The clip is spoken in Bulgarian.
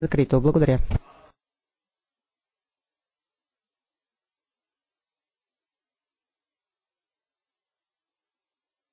закрито. Благодаря.